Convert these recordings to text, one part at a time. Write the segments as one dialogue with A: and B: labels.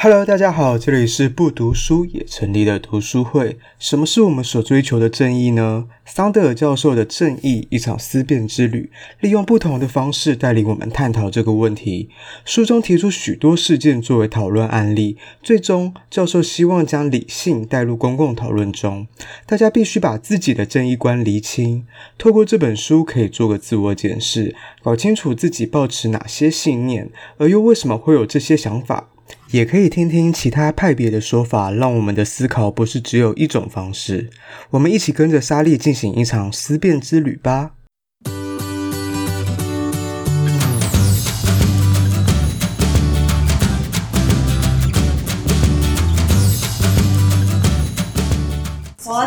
A: Hello，大家好，這裡是不讀書也成立的讀書會。什麼是我們所追求的正義呢？桑德爾教授的《正義，一場思辨之旅》，利用不同的方式帶領我們探討這個問題。書中提出許多事件作為討論案例，最終教授希望將理性帶入公共討論中。大家必須把自己的正義觀釐清。透過這本書，可以做個自我檢視，搞清楚自己抱持哪些信念，而又為什麼會有這些想法。也可以聽聽其他派別的說法，讓我們的思考不是只有一種方式。我們一起跟着 Sally 進行一場思辨之旅吧。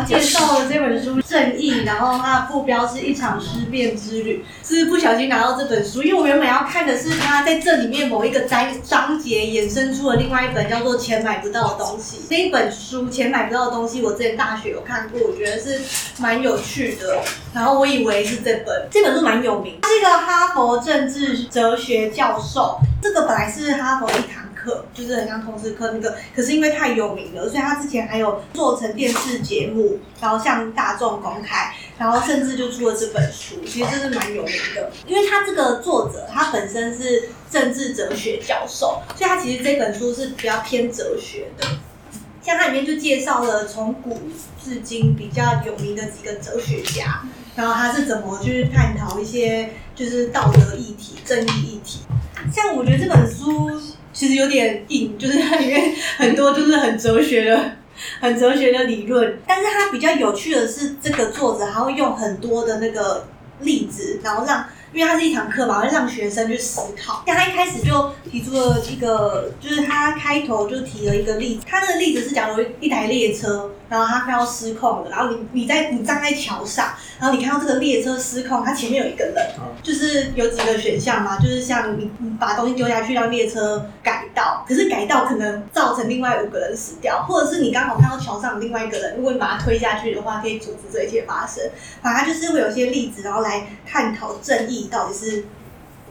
B: 介紹了這本書《正義》，然後它的副標是一場思辨之旅。是不小心拿到這本書，因為我原本要看的是它在這裡面某一個章章節，衍生出了另外一本叫做《錢買不到的東西》。那一本書《錢買不到的東西》，我之前大學有看過，我覺得是蠻有趣的。然後我以為是這本，嗯、這本書蠻有名的，他是一個哈佛政治哲學教授。這個本來是哈佛一堂。課就是很像同時課那個，可是因為太有名了，所以他之前還有做成電視節目，然後向大眾公開，然後甚至就出了這本書，其實這是蠻有名的。因為他這個作者他本身是政治哲學教授，所以他其實這本書是比較偏哲學的。像它裡面就介紹了從古至今比較有名的幾個哲學家，然後他是怎麼去探討一些就是道德議題、正義議題。像我覺得這本書。其實有點硬，就是它裡面很多就是很哲學的、很哲學的理論。但是它比較有趣的是，這個作者還會用很多的那個例子，然後讓，因為它是一堂課嘛，會讓學生去思考。他一開始就提出了一個，就是他開頭就提了一個例子，他那個例子是假如一台列車。然後他快要失控了，然後你你在你站在橋上，然後你看到這個列車失控，他前面有一個人，就是有幾個選項嘛，就是像你把東西丟下去讓列車改道，可是改道可能造成另外五個人死掉，或者是你剛好看到橋上的另外一個人，如果你把他推下去的話，可以阻止這一切發生。反正就是會有一些例子，然後來探討正義到底是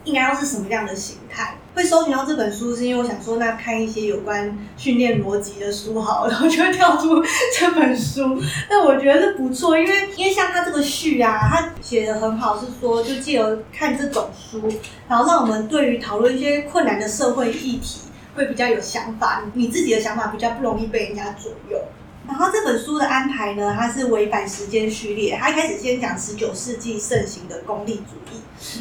B: 應該要是什麼樣的形態。會搜尋到這本書，是因為我想說，那看一些有關訓練邏輯的書好了，然後就會跳出這本書。但我覺得是不錯，因為因為像他這個序啊，他寫得很好，是說就借由看這種書，然後讓我們對於討論一些困難的社會議題會比較有想法，你自己的想法比較不容易被人家左右。然後這本書的安排呢，它是違反時間序列，它一開始先講十九世紀盛行的功利主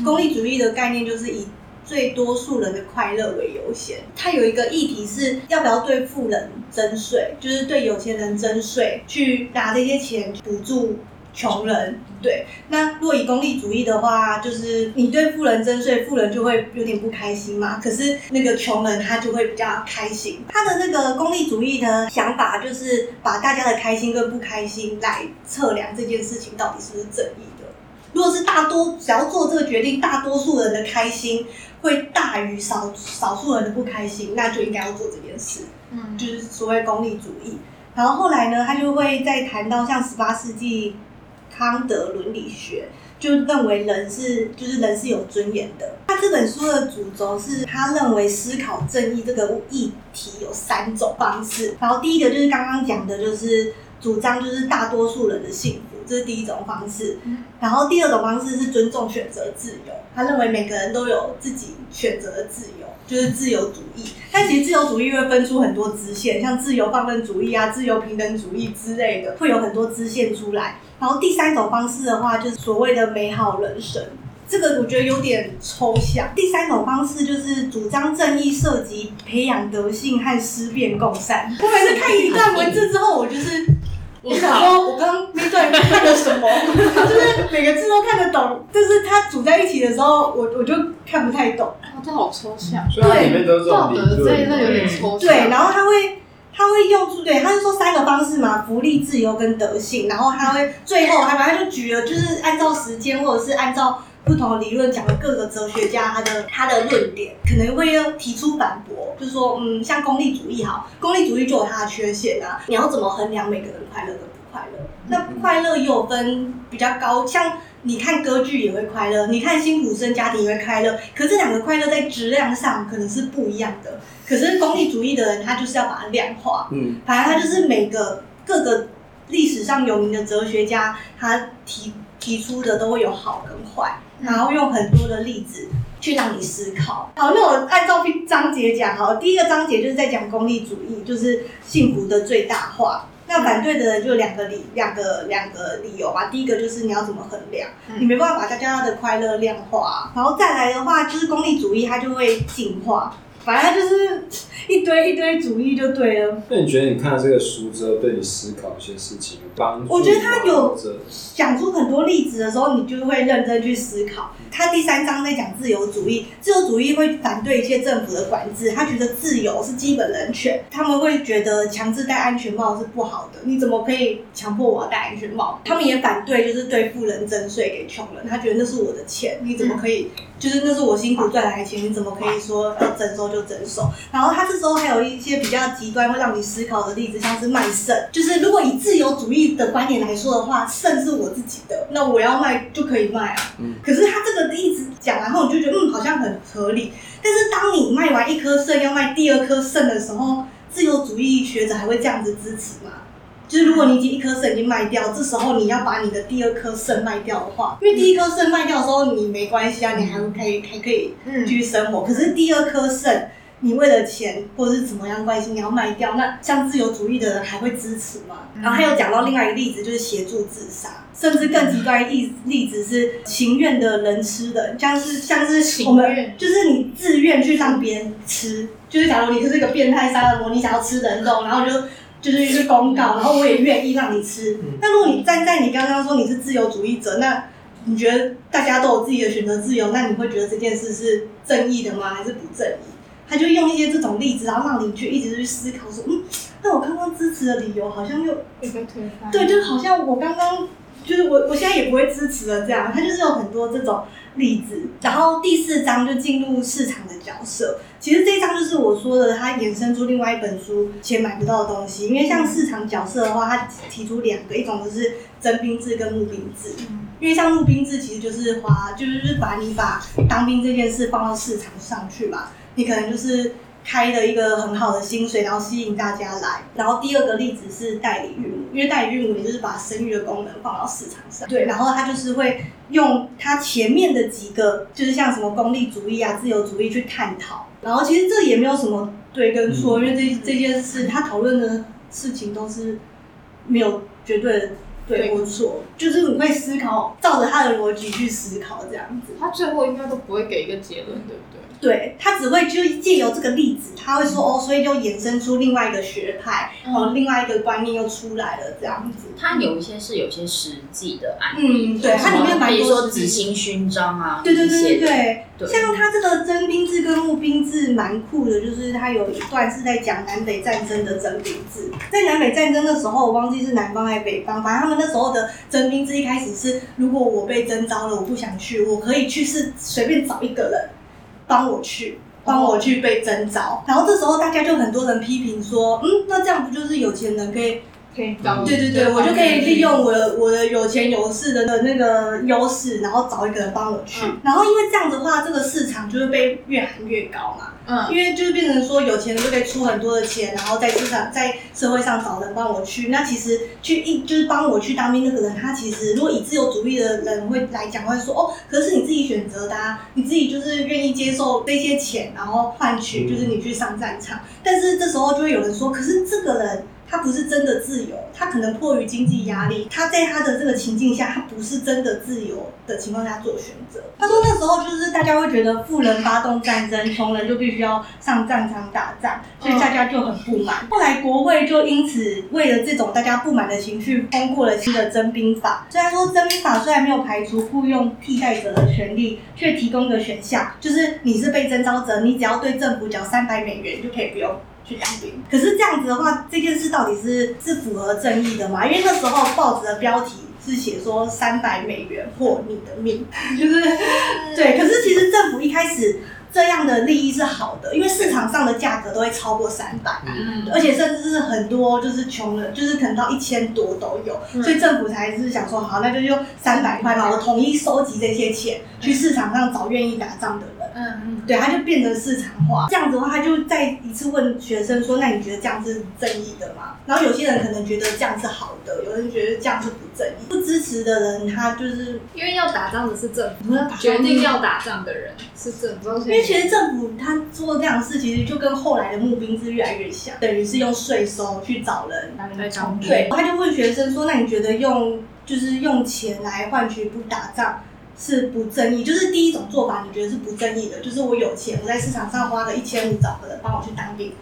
B: 義，功利主義的概念就是以。最多數人的快樂為優先，它有一個議題是要不要對富人徵稅，就是對有錢人徵稅，去拿這些錢補助窮人，對。那若以功利主義的話，就是你對富人徵稅，富人就會有點不開心嘛，可是那個窮人他就會比較開心。他的那個功利主義呢，想法就是把大家的開心跟不開心來測量這件事情到底是不是正義的。如果是大多只要做這個決定，大多數人的開心，會大於少少數人的不開心，那就應該要做這件事，嗯，就是所謂功利主義。然後後來呢，他就會再談到像十八世紀康德倫理學，就認為人是就是人是有尊嚴的。他這本書的主軸是他認為思考正義這個議題有三種方式，然後第一個就是剛剛講的，就是主張就是大多數人的幸福。這是第一種方式，然後第二種方式是尊重選擇自由，他認為每個人都有自己選擇的自由，就是自由主義。但其實自由主義會分出很多支線，像自由放任主義啊、自由平等主義之類的，會有很多支線出來。然後第三種方式的話，就是所謂的美好人生，這個我覺得有點抽象。第三種方式就是主張正義，涉及培養德性和思辨共善。我每次看一段文字之後，我就是。我想說我剛剛那段看了什麼？就是每個字都看得懂，但是它組在一起的時候，我我就看不太懂。啊、哦，這好抽象。對，所以你就是、道德這一類有點抽象。對，然後他會他會用，對，他是說三個方式嘛：福利、自由跟德性。然後他會最後還把他就舉了，就是按照時間或者是按照。不同的理論講了各個哲學家他的他的論點，可能會要提出反駁，就是說，嗯，像功利主義哈，功利主義就有它的缺陷啊。你要怎麼衡量每個人快樂跟不快樂？那快樂又分比較高，像你看歌劇也會快樂，你看辛苦生家庭也會快樂，可是兩個快樂在質量上可能是不一樣的。可是功利主義的人他就是要把它量化，嗯，反正他就是每個各個歷史上有名的哲學家他提。提出的都會有好跟壞，然後用很多的例子去讓你思考。好，那我按照章節講。好，第一個章節就是在講功利主義，就是幸福的最大化。那反對的就兩個理、兩個兩個理由吧。第一個就是你要怎麼衡量？你沒辦法把大家的快樂量化。然後再來的話，就是功利主義它就會進化。反正就是一堆一堆主義就對了。
C: 那你覺得你看了這個書之後，對你思考一些事情有幫助嗎？我覺得他
B: 有講出很多例子的時候，你就會認真去思考。他第三章在講自由主義，自由主義會反對一些政府的管制。他覺得自由是基本人權，他們會覺得強制戴安全帽是不好的。你怎麼可以強迫我要戴安全帽？他們也反對，就是對富人徵稅給窮人。他覺得那是我的錢，你怎麼可以？就是那是我辛苦賺來的錢，你怎麼可以說要徵收就徵收？然後他這時候還有一些比較極端，會讓你思考的例子，像是賣腎。就是如果以自由主義的觀點來說的話，腎是我自己的，那我要賣就可以賣啊。嗯。可是他這個一直講，然後你就覺得嗯，好像很合理。但是當你賣完一顆腎，要賣第二顆腎的時候，自由主義學者還會這樣子支持嗎？就是如果你已經一顆腎已經賣掉，這時候你要把你的第二顆腎賣掉的話，因為第一顆腎賣掉的時候你沒關係啊,你還可以還可以繼續生活。嗯、可是第二顆腎，你為了錢或者是怎麼樣關係，你要賣掉，那像自由主義的人還會支持嗎？嗯、然後他又講到另外一個例子，就是協助自殺，甚至更極端的例子是情願的人吃的，像是像是我們情願就是你自願去讓別人吃，就是假如你是個變態殺人魔，你想要吃人肉，然後就。就是一個公告，然後我也願意讓你吃。嗯，那如果你站在，在你剛剛說你是自由主義者，那你覺得大家都有自己的選擇自由，那你會覺得這件事是正義的嗎？還是不正義？他就用一些這種例子，然後讓你去一直去思考說，嗯，那我剛剛支持的理由好像又有被推翻。對，就是，好像我剛剛就是我，我現在也不會支持了。這樣，他就是有很多這種。例子，然後第四章就進入市場的角色。其實這一章就是我說的，他衍生出另外一本書錢買不到的東西。因為像市場角色的話，他提出兩個，一種就是徵兵制跟募兵制。嗯，因為像募兵制其實就是花，就是是把你把當兵這件事放到市場上去嘛，你可能就是。開的一個很好的薪水，然後吸引大家來。然後第二個例子是代理孕母，因為代理孕母也就是把生育的功能放到市場上。對，然後他就是會用他前面的幾個，就是像什麼功利主義啊、自由主義去探討。然後其實這也沒有什麼對跟錯，嗯、因為這這件事他討論的事情都是沒有絕對的。對，不錯，就是你會思考，照着他的邏輯去思考，這樣子。他最後應該都不會給一
C: 個結論，
B: 對不對，對？對，他只會就借由這個例子，他會說、嗯、哦，所以就衍生出另外一個學派，然後另外一個觀念又出來了，這樣子。嗯嗯、他有一些是
C: 有些實際的案例，嗯，對，他裡面比如說紫心勳章啊，對對對對對，對
B: 對對像他這個徵兵制跟募兵制蠻酷的，就是他有一段是在講南北戰爭的徵兵制，在南北戰爭的時候，我忘記是南方還是北方，反正他們。那時候的徵兵制一開始是，如果我被徵召了，我不想去，我可以去是隨便找一個人幫我去，幫我去被徵召。Oh. 然後這時候大家就很多人批評說，嗯，那這樣不就是有錢人可以？對對對，對我就可以利用我的我的有錢有勢的那個優勢，然後找一個人幫我去。嗯、然後因為這樣的話，這個市場就會被越喊越高嘛。嗯，因為就是變成說，有錢人就可以出很多的錢，然後在市場在社會上找人幫我去。那其實去一就是幫我去當兵那個人，他其實如果以自由主義的人會來講，會說哦，可是你自己選擇的啊，你自己就是願意接受這些錢，然後換取就是你去上戰場。嗯、但是這時候就會有人說，可是這個人。他不是真的自由，他可能迫於經濟壓力，他在他的這個情境下，他不是真的自由的情況下做選擇。他說那時候就是大家會覺得富人發動戰爭，窮人就必須要上戰場打仗，所以大家就很不滿。後來國會就因此為了這種大家不滿的情緒通過了新的徵兵法。雖然說徵兵法雖然沒有排除雇傭替代者的權利，卻提供一個選項，就是你是被徵召者，你只要對政府繳三百美元就可以不用。可是這樣子的話，這件事到底是是符合正義的嗎？因為那時候報紙的標題是寫說三百美元或你的命，嗯、 就是、嗯、對。可是其實政府一開始這樣的利益是好的，因為市場上的價格都會超過三百、嗯，而且甚至是很多就是窮人就是可能到一千多都有，嗯、所以政府才是想說好，那就用三百塊吧，我統一收集這些錢、嗯、去市場上找願意打仗的人。嗯嗯，對，他就變得市場化，這樣子的話，他就再一次問學生說：“那你覺得這樣是正義的嗎？”然後有些人可能覺得這樣是好的，有人覺得這樣是不正義，不支持的人他就是因為要打仗的是政府，決定要打仗的人是政府，因為其實政府他做這樣的事，其實就跟後來的募兵制越來越像，等於是用稅收去找人來。對，他就問學生說：“那你覺得用就是用錢來換取不打仗？”是不正義，就是第一種做法，你覺得是不正義的，就是我有錢，我在市場上花個一千五找個人幫我去當兵，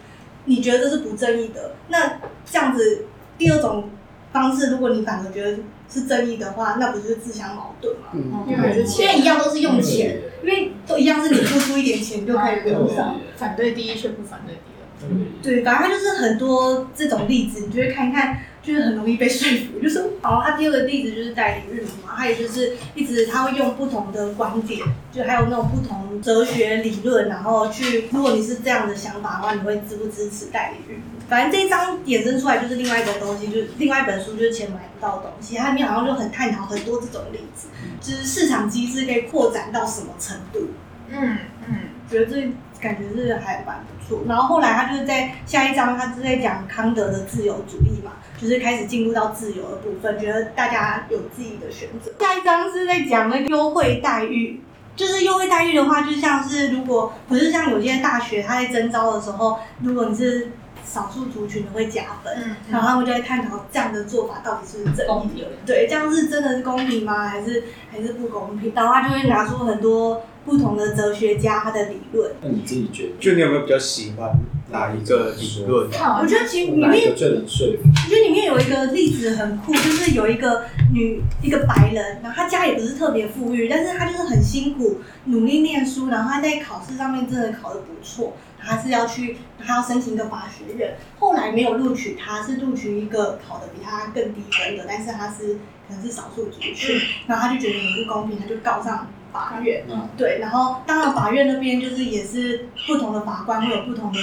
B: 你覺得這是不正義的。那這樣子，第二種方式，如果你反而覺得是正義的話，那不就是自相矛盾嘛？因為我覺得現在一樣都是用錢，嗯、因為都一樣是你付出一點錢就可以得、嗯嗯嗯、反對第一卻不反對第二，嗯、對，反而它就是很多這種例子，你就會看一看。就是很容易被說服，就是。好，他第二個例子就是代理孕母嘛，他也就是一直他會用不同的觀點，就還有那種不同哲學理論，然後去，如果你是這樣的想法的話，你會支不支持代理孕母？反正這一章衍生出來就是另外一個東西，就是另外一本書，就是錢買不到的東西，他裡面好像就很探討很多這種例子，就是市場機制可以擴展到什麼程度。嗯嗯，嗯，覺得這感覺是還蠻不錯。然後後來他就是在下一章，他就在講康德的自由主義嘛。就是開始進入到自由的部分，覺得大家有自己的選擇。下一章是在講那個優惠待遇，就是優惠待遇的話，就像是如果不是像有些大學他在徵招的時候，如果你是少數族群，會加分，然後他們就會探討這樣的做法到底是不是正義，公平的？對，這樣是真的是公平嗎？還是還是不公平？然後他就會拿出很多不同的哲學家他的理論。
A: 那、嗯、你自己覺得，就你有沒有比較喜歡？哪一
B: 個理論、啊？好我覺得其實裡面我覺得裡面有一個例子很酷，就是有一個女一個白人，然後她家也不是特別富裕，但是她就是很辛苦努力念書，然後她在考試上面真的考得不錯，她是要去她要申請一個法學院，後來沒有錄取她，是錄取一個考得比她更低分的，但是她是可能是少數族群，嗯、然後她就覺得很不公平，她就告上法院，嗯，對，然後當然法院那邊就是也是不同的法官會有不同的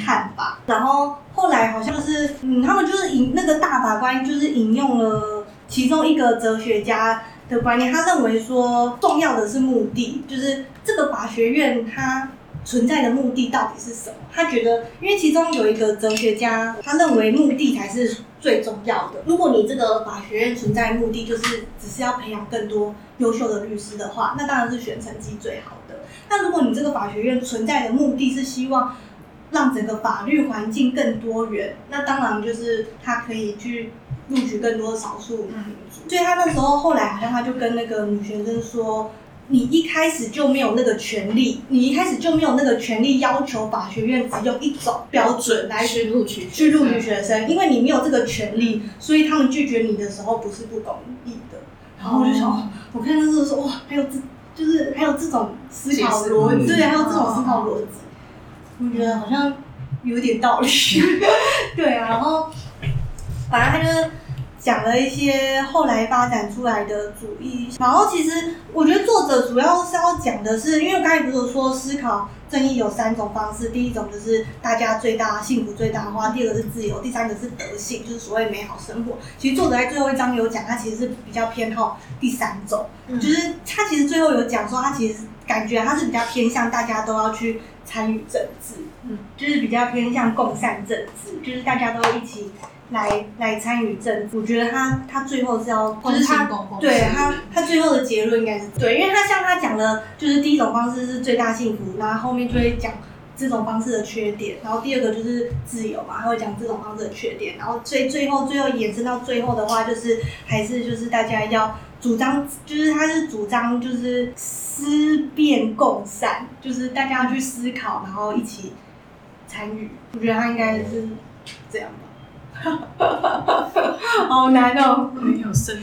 B: 看法，然後後來好像就是，嗯，他們就是引那個大法官就是引用了其中一個哲學家的觀念，他認為說重要的是目的，就是這個法學院他存在的目的到底是什麼？他覺得，因為其中有一個哲學家，他認為目的才是最重要的。如果你這個法學院存在目的就是只是要培養更多優秀的律師的話，那當然是選成績最好的。那如果你這個法學院存在的目的是希望讓整個法律環境更多元，那當然就是他可以去錄取更多少數民族。所以他那時候後來好像他就跟那個女學生說。你一開始就沒有那個權利，你一開始就沒有那個權利要求法學院只用一種標準來去錄取去錄取學生，嗯、因為你沒有這個權利，所以他們拒絕你的時候不是不公義的。然後我就想，哦、我看到這是說哇，還有這就是還有這種思考邏輯，對，還有這種思考邏輯，哦、我覺得好像有點道理。嗯、 對啊，然後反正，把他講了一些後來發展出來的主義，然後其實我覺得作者主要是要講的是，因為我剛才不是說思考正義有三種方式，第一種就是大家最大幸福最大化，第二個是自由，第三個是德性，就是所謂美好生活。其實作者在最後一章有講，他其實是比較偏好第三種，就是他其實最後有講說，他其實感覺他是比較偏向大家都要去參與政治，嗯，就是比較偏向共善政治，就是大家都一起。來來參與政府，我覺得他他最後是要關心公共對他，他最後的結論應該是對，因為他像他講的，就是第一種方式是最大幸福，然後後面就會講這種方式的缺點，然後第二個就是自由嘛，他會講這種方式的缺點，然後最最後最後延伸到最後的話，就是還是就是大家要主張，就是他是主張就是思辨共善，就是大家要去思考，然後一起參與。我覺得他應該是這樣。好難哦，很有深度。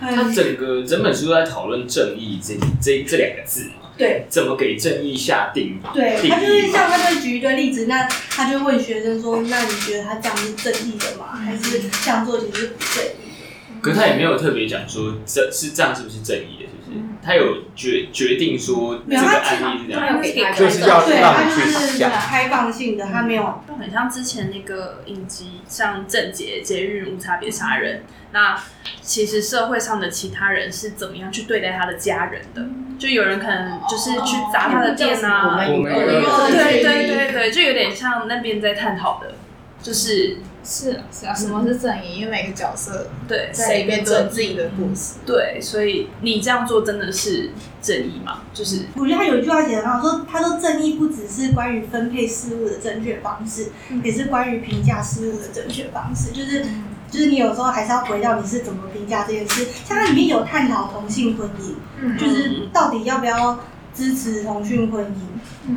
B: 他整
C: 個整本書都在討論正義這這這兩個字嘛？對，怎麼給正義下定義？對，他就是像他就
B: 舉一個例子，那他就問學生說：“那你覺得他這樣是正義的嗎？還是這樣做其實是不正
C: 義的？”可他也沒有特別講說這是這樣是不是正義的。他有決決定說，這個案例是這樣，所以是要讓你去想，他是開放性的，他沒有，就很像之前那個影集，像鄭捷，節日無差別殺人。嗯、那其實社會上的其他人是怎麼樣去對待他的家人的？就有人可能就是去砸他的店啊，對對對對，就有點像那邊在探討的，就是。
B: 是啊是啊，什麼是正義？因為每個角色在
C: 正義對在裡面都有自己的故事，對，所以你這樣做真的是正義嗎？就是我
B: 覺得他有一句話寫得很好，說他說，正義不只是關於分配事物的正確方式，也是關於評價事物的正確方式，就是就是你有時候還是要回到你是怎麼評價這件事。像它裡面有探討同性婚姻，就是到底要不要支持同性婚姻，嗯哼，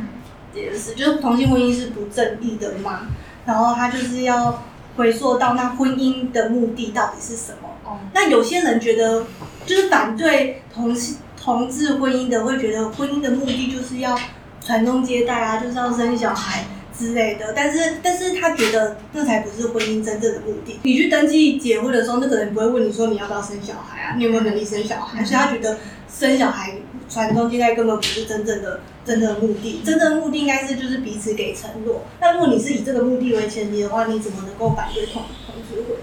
B: 也是，就是同性婚姻是不正義的嘛？然後他就是要。回溯到那婚姻的目的到底是什麼？Oh. 那有些人覺得，就是反對同同志婚姻的，會覺得婚姻的目的就是要傳宗接代啊，就是要生小孩之類的。但是，但是他覺得那才不是婚姻真正的目的。你去登記結婚的時候，那個人不會問你說你要不要生小孩啊，你有沒有能力生小孩？而是、mm hmm. 他覺得生小孩傳宗接代根本不是真正的。真的的目的，真正的目的應該是就是彼此給承諾。那如果你是以這個目的為前提的話，你怎麼能夠反對同性婚姻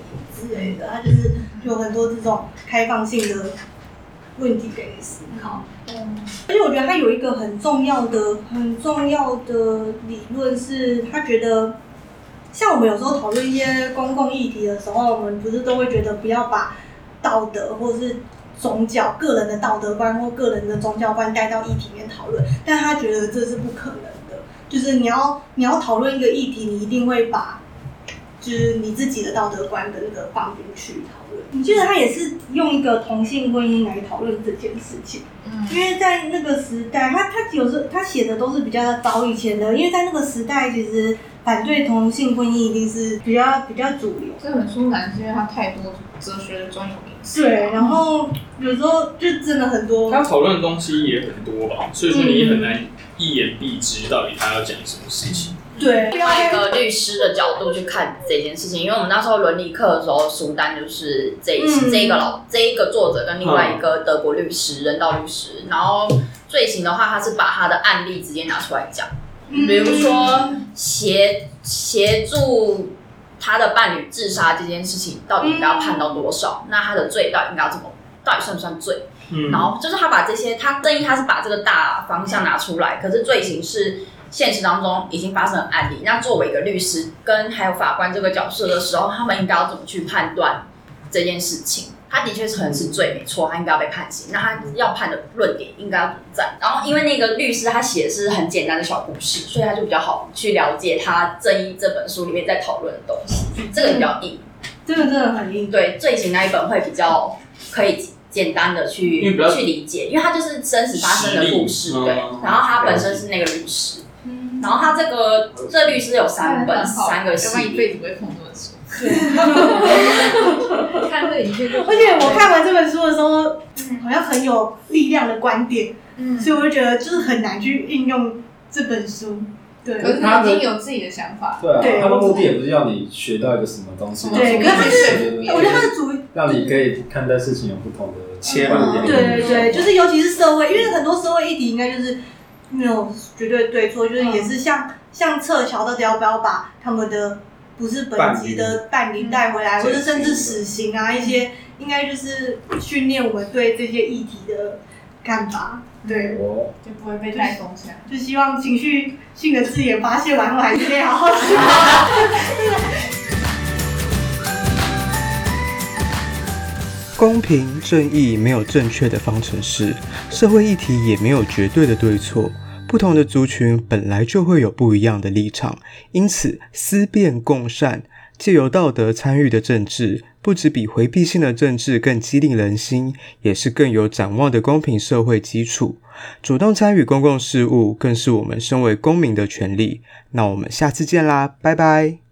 B: 之類的？他就是就有很多這種開放性的問題給你思考。嗯，而且我覺得他有一個很重要的、很重要的理論，是他覺得，像我們有時候討論一些公共議題的時候，我們不是都會覺得不要把道德或者是。宗教、個人的道德觀或個人的宗教觀帶到議題裡面討論，但他覺得這是不可能的。就是你要你要討論一個議題，你一定會把就是你自己的道德觀的那個放進去討論。你記得，他也是用一個同性婚姻來討論這件事情？嗯，因為在那個時代，他他有時候他寫的都是比較早以前的，因為在那個時代，其實反對同性婚姻一定是比較比較主流。這本書難，是因為它太多哲學的專業。對，然後有時候就真的很多，他要討論
C: 的東西也很多吧，嗯、所以說你很難一言蔽之到底他要講什麼事情。對，另外一個律師的角度去看這件事情，因為我們那時候倫理課的時候，書單就是這、嗯、這一個老這一個作者跟另外一個德國律師、嗯、人道律師，然後罪行的話，他是把他的案例直接拿出來講，嗯、比如說協協助。他的伴侶自殺這件事情，到底應該要判到多少？那他的罪到底應該要怎麼，到底算不算罪？嗯。然後就是他把這些，他正義，他是把這個大方向拿出來，可是罪行是現實當中已經發生的案例。那作為一個律師跟還有法官這個角色的時候，他們應該要怎麼去判斷這件事情？他的確是很是罪沒錯，嗯、他應該要被判刑。嗯、那他要判的論點應該要站。然後，因為那個律師他寫的是很簡單的小故事，所以他就比較好去了解他正義這本書裡面在討論的東西。這個比較硬，這個、嗯、真的很硬。對，罪行那一本會比較可以簡單的去去理解，因為他就是真實發生的故事，嗯、對。然後他本身是那個律師，嗯、然後他這個、嗯、這個律師有三本，嗯、三個希望
B: 而且我看完這本書的時候，好像很有力量的觀點，所以我就覺得就是很難去應用這本書。對，可是他已經有自己的
C: 想法。對啊，他的目的也不是要你學
A: 到一個什麼東西，對，可是我覺得他的主意，讓你可以看待事情有不同的切換，對對
B: 對，就是尤其是社會，因為很多社會議題應該就是沒有絕對對錯，就是也是像像撤僑到底要不要把他們的。不是本集的代理帶回來，年或者甚至死刑啊，嗯、一些應該就是訓練我們對這些議題的看法。對，我就不會被帶動起來。就是、就希望情緒性的字眼發洩完後，還是可以好好笑。
A: 公平正義沒有正確的方程式，社會議題也沒有絕對的對錯。不同的族群本來就會有不一樣的立場，因此思辨共善，借由道德參與的政治，不止比回避性的政治更激勵人心，也是更有展望的公平社會基礎。主動參與公共事務，更是我們身為公民的權利。那我們下次見啦，拜拜。